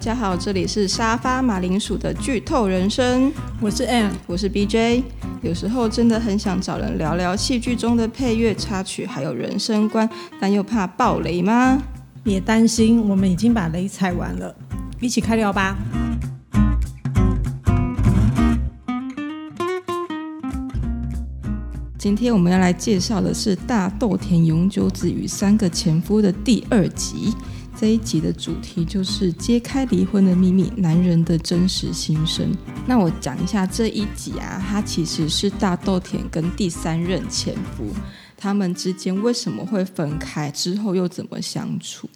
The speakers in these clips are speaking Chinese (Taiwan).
大家好，這裡是沙發馬鈴薯的劇透人生，我是 Ann，我是 BJ。有時候真的很想找人聊聊戲劇中的配樂插曲，還有人生觀，但又怕爆雷嗎？別擔心，我們已經把雷踩完了，一起開聊吧。今天我們要來介紹的是大豆田永久子與三個前夫的第二集。這一集的主題就是揭開離婚的秘密，男人的真實心聲。那我講一下這一集啊，他其實是大豆田跟第三任前夫，他們之間為什麼會分開，之後又怎麼相處。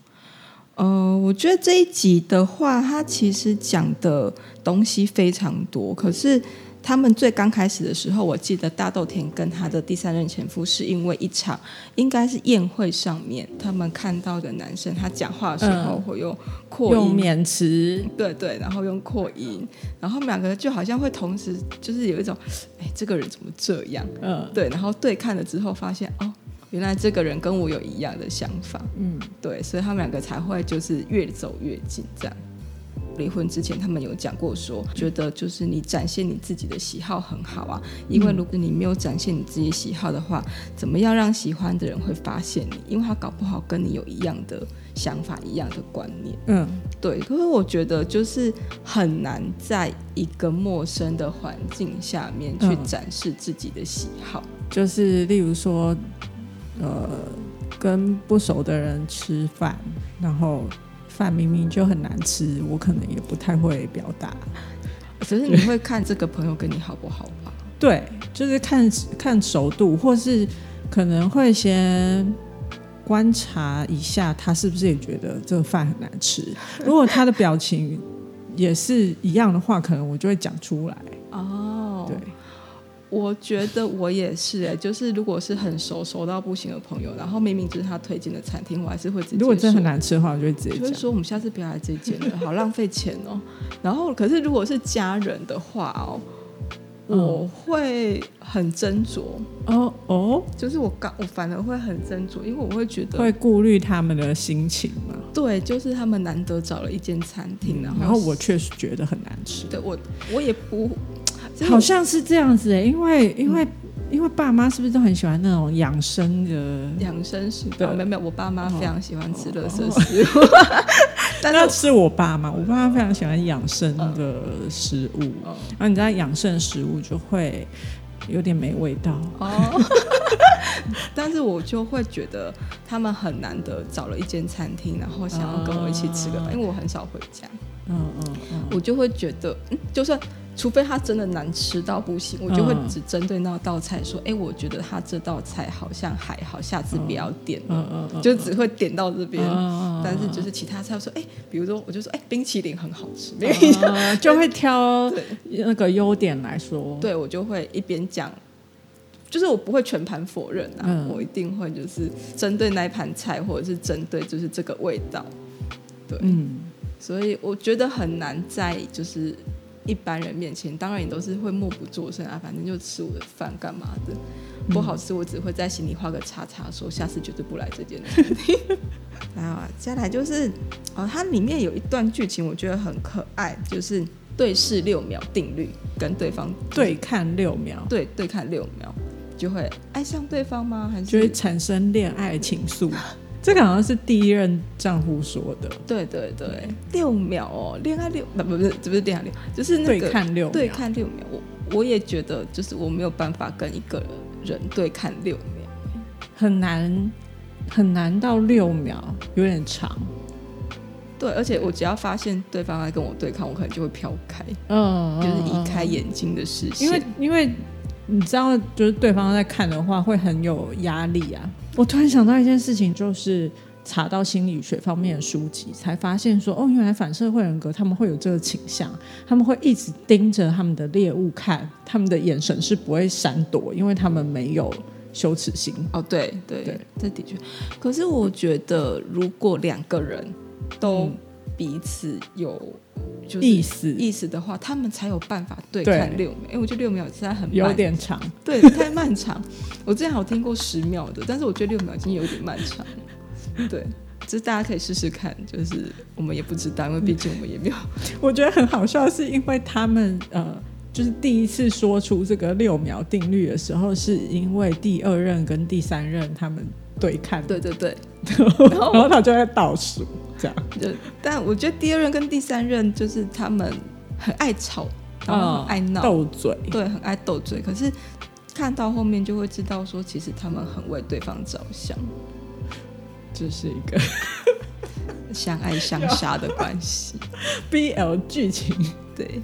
呃，我覺得這一集的話，他其實講的東西非常多，可是。他們最剛開始的時候，我記得大豆田跟她的第三任前夫是因為一場，應該是宴會上面，他們看到的男生，他講話的時候會用擴音，嗯、用免詞，對對，然後用擴音，嗯、然後他們兩個就好像會同時，就是有一種，哎，這個人怎麼這樣？嗯，對，然後對看了之後發現，哦，原來這個人跟我有一樣的想法，嗯，對，所以他們兩個才會就是越走越近，這樣。離婚之前，他們有講過說，覺得就是你展現你自己的喜好很好啊，因為如果你沒有展現你自己喜好的話，怎麼樣讓喜歡的人會發現你？因為他搞不好跟你有一樣的想法、一樣的觀念。嗯，對，可是我覺得就是很難在一個陌生的環境下面去展示自己的喜好，就是例如說，呃，跟不熟的人吃飯，然後。飯明明就很難吃，我可能也不太會表達。只是你會看這個朋友跟你好不好吧？對，就是看看熟度，或是可能會先觀察一下他是不是也覺得這個飯很難吃。 如果他的表情也是一樣的話，可能我就會講出來。哦，oh. 對。我覺得我也是哎、欸，就是如果是很熟熟到不行的朋友，然後明明就是他推薦的餐廳，我還是會自己。如果真的很難吃的話，我就會直接。就是說我們下次不要來這一間了，好浪費錢哦、喔。 然後，可是如果是家人的話哦、喔，嗯、我會很斟酌哦哦，哦就是我剛我反而會很斟酌，因為我會覺得會顧慮他們的心情嘛。對，就是他們難得找了一間餐廳、嗯，然後我確實覺得很難吃。對我，我也不。好像是這樣子誒、欸，因為因為因為爸媽是不是都很喜歡那種養生的養生食物？不對、哦，沒有沒有，我爸媽非常喜歡吃垃圾食物。那是我爸媽，我爸媽非常喜歡養生的食物。哦、然後你知道，養生食物就會有點沒味道哦。 但是我就會覺得他們很難得找了一間餐廳，然後想要跟我一起吃個飯，哦、因為我很少回家。嗯嗯嗯，嗯嗯我就會覺得，嗯、就算、是。除非他真的難吃到不行，我就會只針對那道菜說：“哎、嗯欸，我覺得他這道菜好像還好，下次不要點了。嗯”嗯嗯嗯，就只會點到這邊，嗯、但是就是其他菜我說：“哎、欸，比如說，我就說，哎、欸，冰淇淋很好吃。”就會挑那個優點來說對。對，我就會一邊講，就是我不會全盤否認啊，嗯、我一定會就是針對那一盤菜，或者是針對就是這個味道。對，嗯，所以我覺得很難在就是。一般人面前，當然也都是會默不作聲啊。反正就吃我的飯幹嘛的，嗯、不好吃我只會在心裡畫個叉叉說，說下次絕對不來這間。 然後、啊、接下來就是，哦，它裡面有一段劇情，我覺得很可愛，就是對視六秒定律，跟對方對看六秒，對對看六秒就會愛上對方嗎？還是就會產生戀愛情愫？ 這個好像是第一任丈夫說的，對對對，嗯、六秒哦、喔，戀愛六，不是不是這不是戀愛六，就是那個對看，對看六秒。我我也覺得，就是我沒有辦法跟一個人對看六秒，很難很難到六秒，嗯、有點長。對，而且我只要發現對方來跟我對抗，我可能就會飄開，嗯，就是移開眼睛的視線，因為、嗯嗯嗯、因為。因為你知道，就是對方在看的話，會很有壓力啊。我突然想到一件事情，就是查到心理學方面的書籍，嗯、才發現說，哦，原來反社會人格他們會有這個傾向，他們會一直盯着他們的獵物看，他們的眼神是不會閃躲，因為他們沒有羞恥心。哦，對對，對，對，這的確。可是我覺得，如果兩個人都、嗯。彼此有意思意思的話，思他們才有辦法對看六秒。為對、欸、我覺得六秒現在很有點長，對，不太漫長。 我之前好像聽過十秒的，但是我覺得六秒已經有點漫長了。對，這、就是、大家可以試試看，就是我們也不知道，因為畢竟我們也沒有。我覺得很好笑，是因為他們呃，就是第一次說出這個六秒定律的時候，是因為第二任跟第三任他們對看，對對對， 然後他就在倒數。但我覺得第二任跟第三任，就是他們很愛吵，他們很愛鬧，哦、鬥嘴，對，很愛鬥嘴。可是看到後面就會知道，說其實他們很為對方着想，這是一個相愛相殺的關係有 ，BL 劇情。對，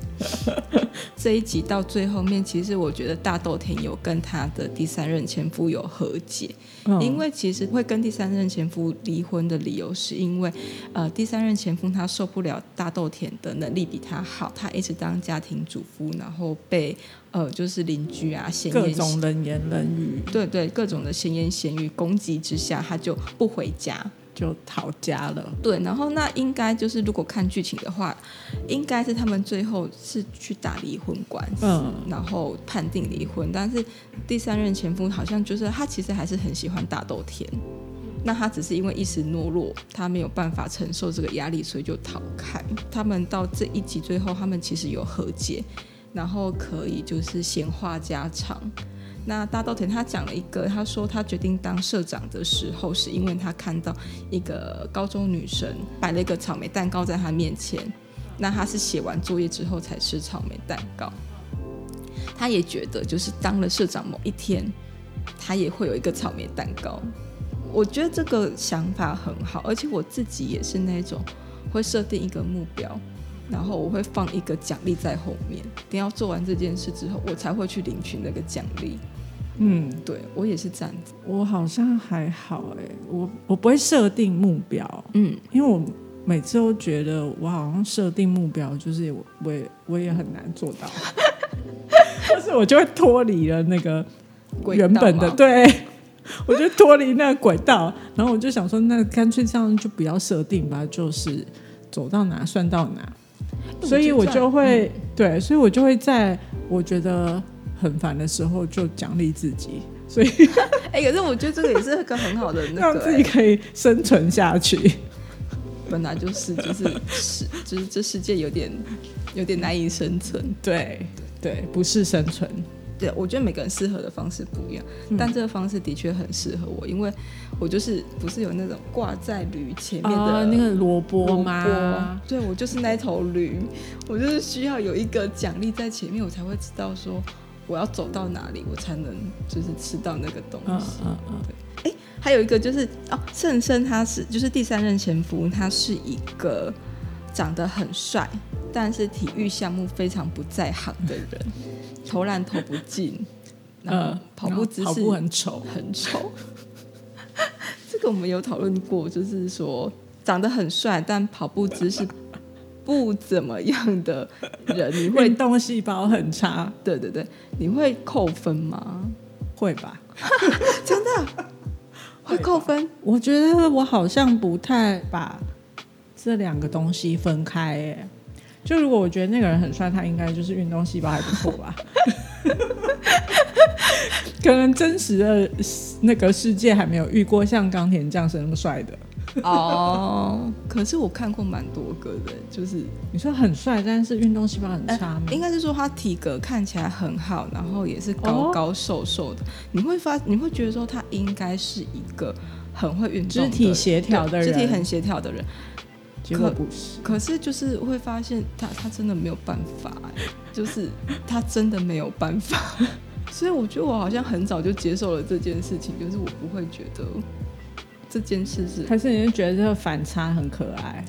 這一集到最後面，其實我覺得大豆田有跟他的第三任前夫有和解，嗯、因為其實會跟第三任前夫離婚的理由，是因為呃第三任前夫他受不了大豆田的能力比他好，他一直當家庭主夫，然後被呃就是鄰居啊各種冷言冷語，嗯、對，對對，各種的閒言閒語攻擊之下，他就不回家。就逃家了，對。然後那應該就是，如果看劇情的話，應該是他們最後是去打離婚官司，嗯，然後判定離婚。但是第三任前夫好像就是他，其實還是很喜歡大豆田，那他只是因為一時懦弱，他沒有辦法承受這個壓力，所以就逃開。他們到這一集最後，他們其實有和解，然後可以就是閒話家常。那大豆田他講了一個，他說他決定當社長的時候，是因為他看到一個高中女生擺了一個草莓蛋糕在他面前。那他是寫完作業之後才吃草莓蛋糕。他也覺得就是當了社長某一天，他也會有一個草莓蛋糕。我覺得這個想法很好，而且我自己也是那種會設定一個目標。然後我會放一個獎勵在後面，等要做完這件事之後，我才會去領取那個獎勵。嗯，對，我也是這樣子。我好像還好哎、欸，我我不會設定目標，嗯，因為我每次都覺得我好像設定目標，就是我我也我也很難做到，但 是我就會脫離了那個原本的，對我就脫離那個軌道。然後我就想說，那乾脆這樣就不要設定吧，就是走到哪算到哪。所以我就會我、嗯、對，所以我就會在我覺得很煩的時候就獎勵自己。所以，哎、 欸，可是我覺得這個也是一個很好的那個、欸，那讓自己可以生存下去。本來就是，就是是，就是這世界有點有點難以生存。對，對，不是生存。對，我覺得每個人適合的方式不一樣，嗯、但這個方式的確很適合我，因為我就是不是有那種掛在驢前面的蘿蔔、哦，那個蘿蔔嗎蘿蔔？對，我就是那頭驢，我就是需要有一個獎勵在前面，我才會知道說我要走到哪裡，我才能就是吃到那個東西。嗯哎、嗯嗯欸，還有一個就是哦，慎森他是就是第三任前夫，他是一個長得很帥，但是體育項目非常不在行的人，投籃投不進，呃，跑步姿勢、嗯、很醜，很醜醜。 這個我們有討論過，就是說長得很帥，但跑步姿勢不怎麼樣的人，你會動細胞很差。對對對，你會扣分嗎？會吧， 真的會扣分？吧我覺得我好像不太把。這兩個東西分開誒，就如果我覺得那個人很帥，他應該就是運動細胞還不錯吧？ 可能真實的那個世界還沒有遇過像岡田這樣子那麼帥的哦。Oh, 可是我看過蠻多個人，就是你說很帥，但是運動細胞很差嗎？呃，應該是說他體格看起來很好，然後也是高高瘦瘦的。Oh. 你會發你會覺得說他應該是一個很會運動肢體協調的人，肢體很協調的人。可不不可是就是會發現他他真的沒有辦法，就是他真的沒有辦法， 所以我覺得我好像很早就接受了這件事情，就是我不會覺得這件事是還是你會覺得這個反差很可愛？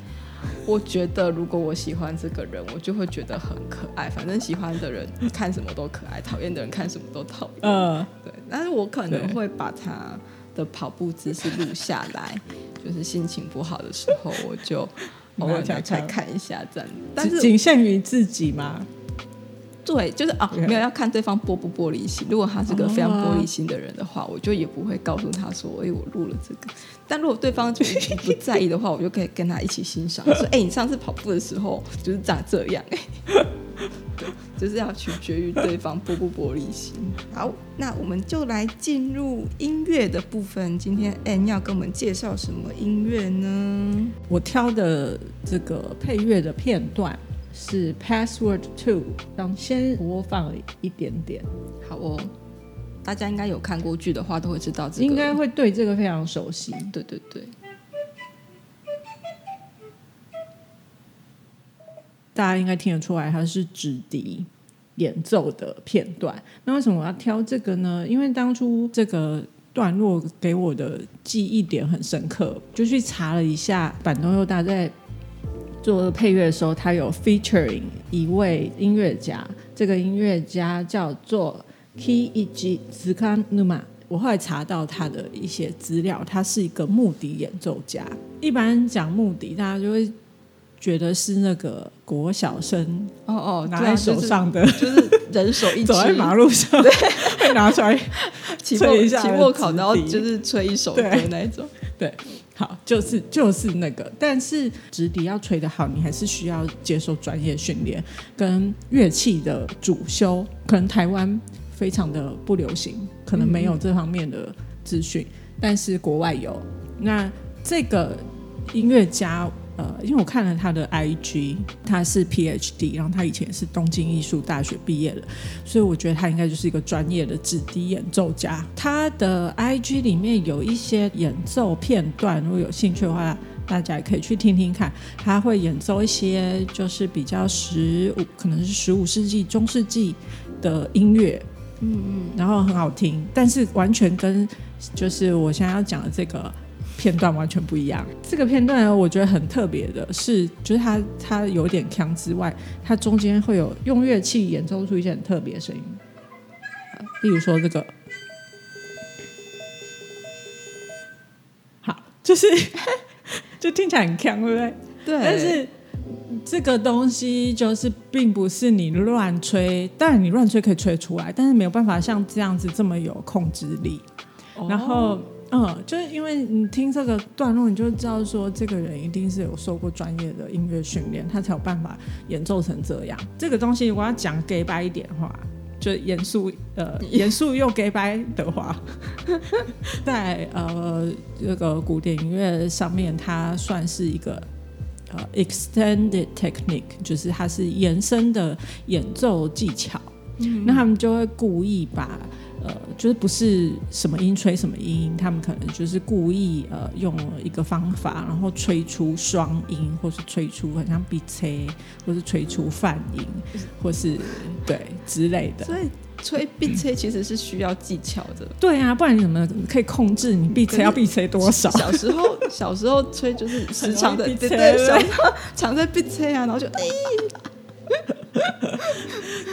我覺得如果我喜歡這個人，我就會覺得很可愛。反正喜歡的人看什麼都可愛，討厭的人看什麼都討厭。嗯、呃，對。但是我可能會把他的跑步姿勢錄下來。就是心情不好的時候， 我就偶爾才看一下猜猜這樣，但是僅限於自己嗎？對，就是 Yeah. 啊，沒有要看對方玻不玻璃心。如果他是個非常玻璃心的人的話，oh. 我就也不會告訴他說：“哎、欸，我錄了這個。”但如果對方不不在意的話， 我就可以跟他一起欣賞。說：“哎、欸，你上次跑步的時候就是長這樣、欸。 ”哎。就是要取決於對方玻不，不玻璃心。好，那我們就來進入音樂的部分。今天 N 要跟我們介紹什麼音樂呢？我挑的這個配樂的片段是《Password Two》，想先播放一點點。好哦，大家應該有看過劇的話，都會知道、這個、應該會對這個非常熟悉。對對對。大家應該聽得出來，它是直笛演奏的片段。那為什麼我要挑這個呢？因為當初這個段落給我的記憶點很深刻，就去查了一下坂東祐大在做配樂的時候，他有 featuring 一位音樂家。這個音樂家叫做 Keiji Sakanuma。我後來查到他的一些資料，他是一個木笛演奏家。一般講木笛，大家就會。覺得是那個國小生哦哦拿在手上的，就是人手一走在馬路上會對 拿出來 起步，一下起期末考，然後就是吹一首歌對那種對，好，就是就是那個，但是直笛要吹得好，你還是需要接受專業訓練跟樂器的主修，可能台灣非常的不流行，可能沒有這方面的資訊，嗯、但是國外有。那這個音樂家。呃，因為我看了他的 IG，他是 PhD，然後他以前是東京藝術大學畢業的，所以我覺得他應該就是一個專業的直笛演奏家。他的 IG 裡面有一些演奏片段，如果有興趣的話，大家也可以去聽聽看。他會演奏一些就是比較十五，可能是十五世紀中世紀的音樂，嗯嗯，然後很好聽，但是完全跟就是我現在要講的這個。片段完全不一樣。這個片段我覺得很特別的是，就是它它有點強之外，它中間會有用樂器演奏出一些很特別的聲音，例如說這個，好，就是 就聽起來很強，對不對？對。但是這個東西就是並不是你亂吹，當然你亂吹可以吹出來，但是沒有辦法像這樣子這麼有控制力。Oh. 然後。嗯，就是因為你聽這個段落，你就知道說這個人一定是有受過專業的音樂訓練，他才有辦法演奏成這樣。這個東西如果要講假掰一點話，就嚴肅呃，嚴肅又假掰的話，在 呃這個古典音樂上面，它算是一個呃 extended technique，就是它是延伸的演奏技巧。嗯，那他們就會故意把。呃，就是不是什麼音吹什麼音，他們可能就是故意呃用了一個方法，然後吹出雙音，或是吹出很像必切，或是吹出泛音，或是對之類的。所以吹必切其實是需要技巧的。嗯、對啊，不然你怎麼可以控制你必切要必切多少？小時候小時候吹就是時常的對在在常在必切啊，然後就哎。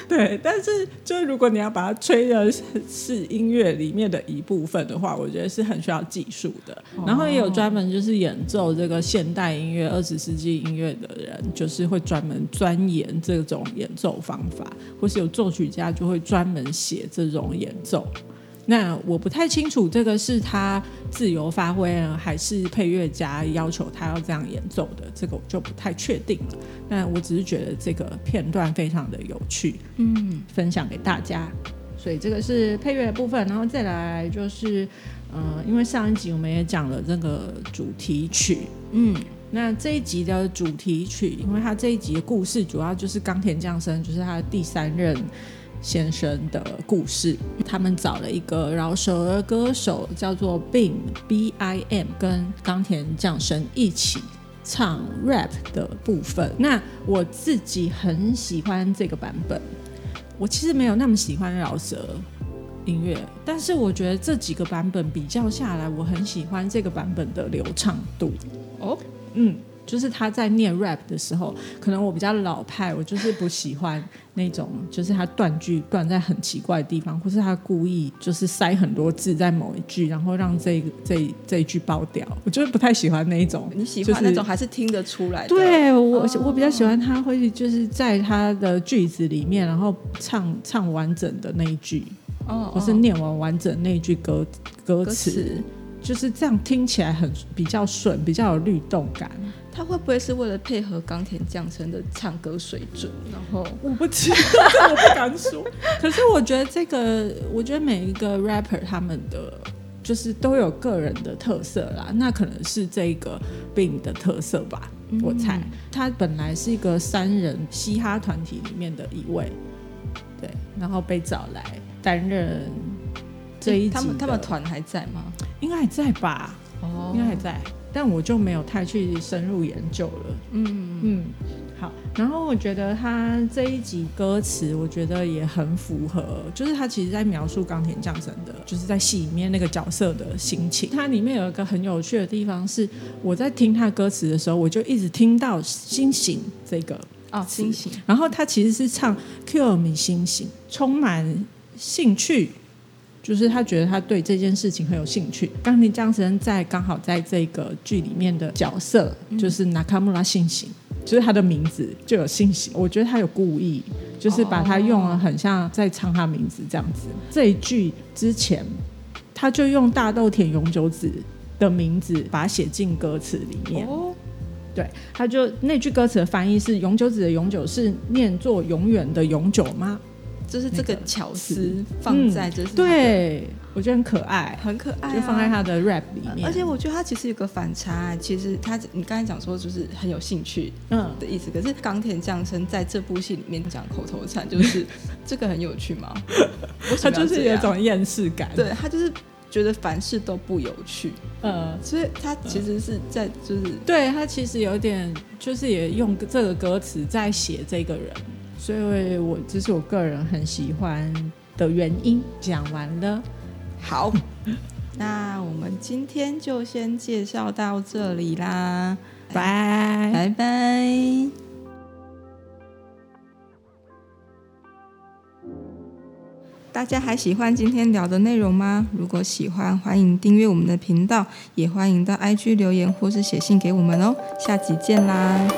對，但是就如果你要把它吹的是音樂裡面的一部分的話，我覺得是很需要技術的。哦、然後也有專門就是演奏這個現代音樂、二十世紀音樂的人，就是會專門鑽研這種演奏方法，或是有作曲家就會專門寫這種演奏。那我不太清楚這個是他自由發揮，還是配樂家要求他要這樣演奏的，這個我就不太確定了。那我只是覺得這個片段非常的有趣，嗯，分享給大家。所以這個是配樂的部分，然後再來就是，呃，因為上一集我們也講了這個主題曲，嗯，那這一集的主題曲，因為他這一集的故事主要就是岡田將生，就是他的第三任。先生的故事，他們找了一個饒舌歌手，叫做 BIM B, im, B I M，跟岡田將生一起唱 rap 的部分。那我自己很喜歡這個版本，我其實沒有那麼喜歡饒舌音樂，但是我覺得這幾個版本比較下來，我很喜歡這個版本的流暢度。哦，嗯。就是他在念 rap 的時候，可能我比較老派，我就是不喜歡那種，就是他斷句斷在很奇怪的地方，或是他故意就是塞很多字在某一句，然後讓這個這一這一句爆掉，我就是不太喜歡那一種。你喜歡那種還是聽得出來的。就是，對，我我比較喜歡他會就是在他的句子裡面，然後唱唱完整的那一句，就是念完完整那一句歌歌詞。就是這樣聽起來很比較順，比較有律動感。他會不會是為了配合岡田將生的唱歌水準？然後我不知道， 我不敢說。 可是我覺得這個，我覺得每一個 rapper 他們的就是都有個人的特色啦。那可能是這個 BIM 的特色吧，嗯、我猜。他本來是一個三人嘻哈團體裡面的一位，對，然後被找來擔任。嗯這一集他們他們團還在嗎？應該還在吧，哦，oh. 應該還在。但我就沒有太去深入研究了。嗯嗯，嗯，好。然後我覺得他這一集歌詞，我覺得也很符合，就是他其實，在描述岡田將生的，就是在戲裡面那個角色的心情。它裡面有一個很有趣的地方是，我在聽他歌詞的時候，我就一直聽到星星這個啊，oh, 星星。然後他其實是唱 Cure me 星星，充滿興趣。就是他覺得他對這件事情很有興趣。岡田將生在剛好在這個劇裡面的角色就是納卡木拉信行，就是他的名字就有信行。我覺得他有故意，就是把他用了很像在唱他名字這樣子。Oh. 這一句之前，他就用大豆田永久子的名字把它寫進歌詞裡面。Oh. 對，他就那句歌詞的翻譯是“永久子”的“永久”是念作“永遠”的“永久”嗎？就是這個巧思放在，這是、嗯、對我覺得很可愛，很可愛、啊，就放在他的 rap 裡面。而且我覺得他其實有個反差，其實他你剛才講說就是很有興趣，嗯的意思。嗯、可是岡田將生在這部戲裡面講口頭禪就是“嗯、這個很有趣嗎？”他 就是有一種厭世感，對他就是覺得凡事都不有趣，嗯，所以他其實是在就是、嗯、對他其實有點就是也用這個歌詞在寫這個人。所以我，我這是我個人很喜歡的原因。講完了，好，那我們今天就先介紹到這裡啦，拜拜 bye 大家還喜歡今天聊的內容嗎？如果喜歡，歡迎訂閱我們的頻道，也歡迎到 IG 留言，或是寫信給我們哦。下集見啦。